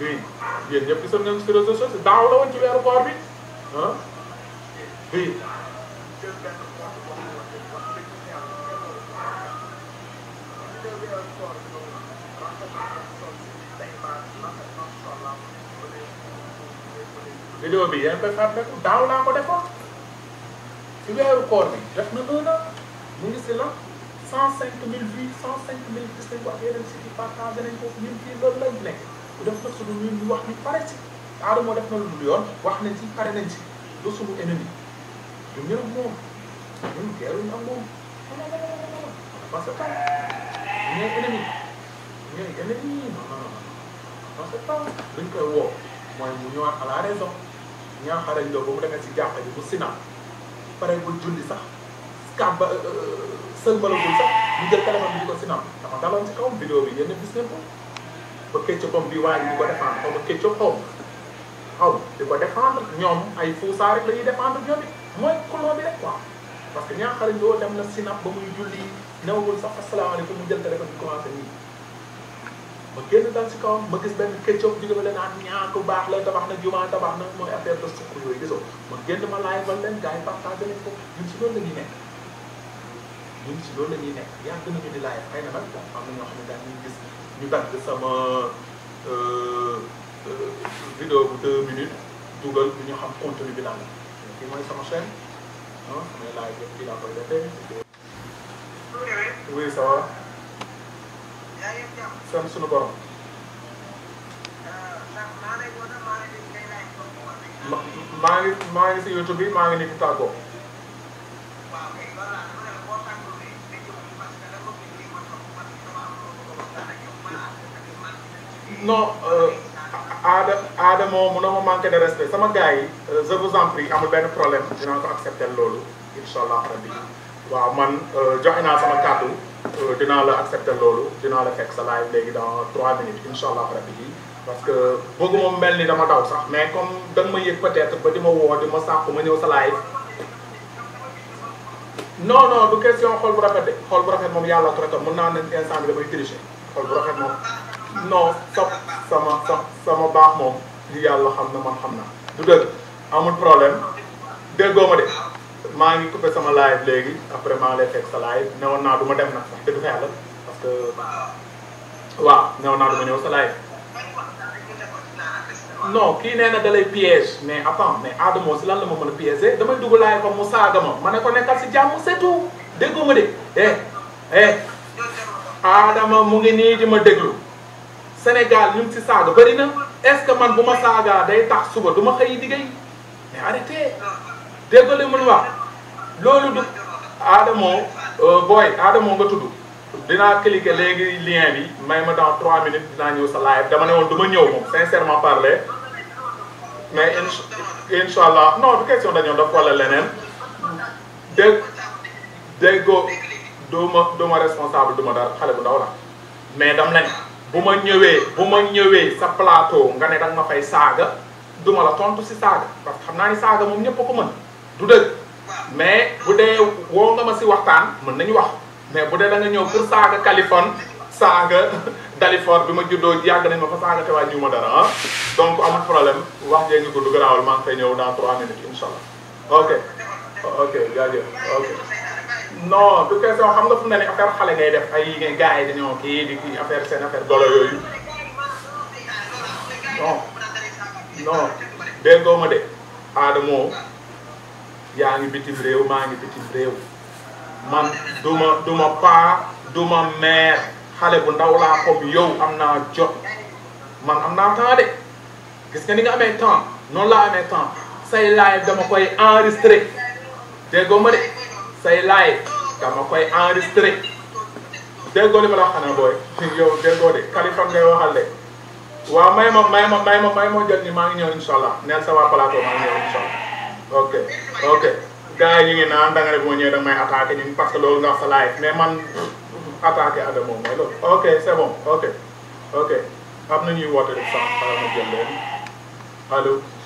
dégg nga yéen ñëpp gisoon nañu si réseaux sociaux daaw la woon ci weeru koor bi ah dégg vidéo bi yéen koy fàtte ko daaw laa ko defoon ci weeru koor bi def na doon na mu ngi si la cent cinq mille vues cent cinq mille gis nañ ko ak yeneen sites yi partage nañ ko ñun fii loolu lañ nekk def na sunu ñun ñu wax ni pare ci aadama def na lu dul yoon wax nañ ci pare nañ ci du sunu ennemi du ñëw moom ñun geeruñ ak moom parce que ñooy ennemi ñooy ennemi non non non parce que dañ koy woo mooy mu ñëwaat à la raison ñaaxarañ loo ba mu demee ci jàkka ji sina pare bu julli sax kàmba sëlmalagul sax ñu jël téléphone bi ko sina dama daloon ci kawam vidéo bi yéen gis ngeen ko ba këccëgam bi waaye di ko défendre xaw ma këccëg xaw ma xaw ma di ko défendre ñoom ay Foussa rek la ñuy défendre ñoom it mooy colon bi rek quoi parce que ñaaxal ñoo dem na sinap ba muy julli newul sax asalaamaaleykum mu jël téléphone bi commencé nii. ma génn dal si kawam ma gis benn këccëg jóge ba la naan ñaa ku baax la tabax na jumaa tabax na mooy affaire de sukk yooyu gisoo ma génn ma laay wal leen gars yi partagé leen ko ñun si loolu la ñuy nekk. ñun si loolu la nekk yàgg nañu di laaj na nag bon am na ñoo xam ñu dagg sama euh, euh, vidéo bu deux minutes dugal bu ñu xam contenu bi lan la fii mooy sama chaîne ah mais laaj yëpp fii laa koy defee. oui ça va. sant suñu borom. Euh, maa ngi maa ngi si YouTube bi maa ngi nekk tàggoo. non aada euh, aada moo munoo ma manqué de respect sama gars yi euh, je vous en prie amul problème dinaa ko accepté loolu incha allah rabbi waaw man euh, joxe naa sama kàddu dinaa la accepté loolu dinaa la fekk sa live léegi dans trois minutes incha allah rabbi parce que bëgguma mel ni dama daw sax mais comme da nga ma yëg peut ba di ma woo di ma sàkku ma ñëw sa live non non du question xool bu rafet de xool bu rafet moom yàlla ko rek mën naa ne instant bi damay tricher xool bu rafet moom. non sa sama sa sama baax moom li yàlla xam na man xam na du dëgg amul problème de maa ngi coupé sama live léegi après maa lay fekk sa naa du dem nag sax naa du ma ñëw sa live nee na da lay mais attends mais Adamo lan a piéger damay dugg live ba mu ko nekkal si jàmm c'est tout déggoo ma de eh eh Adama mu ngi nii di ma déglu Sénégal ñu ngi si saaga bëri na est-ce que man bu ma saagaa day tax suba du ma xëy liggéey mais arrêté dégg li mu wax loolu du Adamo euh, booy Adamo nga tudd dinaa cliquer léegi lien bi mais ma dans trois minutes dinaa ñëw sa live dama ne woon du ma ñëw moom sincèrement parler mais in incha allah non du question dañoo def wala leneen dégg déggoo du ma responsable du ma dara xale bu ndaw mais dam bu ma ñëwee bu ma ñëwee sa plateau nga ne danga ma fay saaga du ma la tontu si saaga parce que xam naa ni saaga moom ñëpp a ko mën du dëgg mais bu dee woo nga ma si waxtaan mën nañu wax mais bu dee da nga ñëw pour saaga Kaliphone saaga Dalifort bi ma juddoo yàgg nañ ma fa saaga te wàññiwuma dara ah donc amul problème wax jee ngi gudd garaawal maa ngi fay ñëw dans trois minutes incha allah ok ok jaajëf ok non du question xam nga fu mu ne nii affaire xale ngay def ay gars yi dañoo kii di kii affaire seen affaire golo yooyu non non déggoo ma de Adamo yaa ngi bitim réew maa ngi bitim réew man du ma paa du meer xale bu ndaw laa comme yow am naa jot man am naa temps de gis nga ni nga amee temps noonu laa amee temps say live dama koy enregistré déggoo ma de. say live dama koy enregistré déggoo li ma la wax xanaa booy yow déggoo de Kaliphone ngay waxal de waaw may ma may ma may ma may ma jot ni maa ngi ñëw incha allah waa plateau maa ngi ñëw incha allah ok ok gars yi ñu ngi bu ma ñëwee danga may attaqué ñu parce que loolu nga wax sa live mais man attaqué Adama moom mooy loolu ok c'est bon ok ok am na ñuy woote de sànq xaaral ma jël leen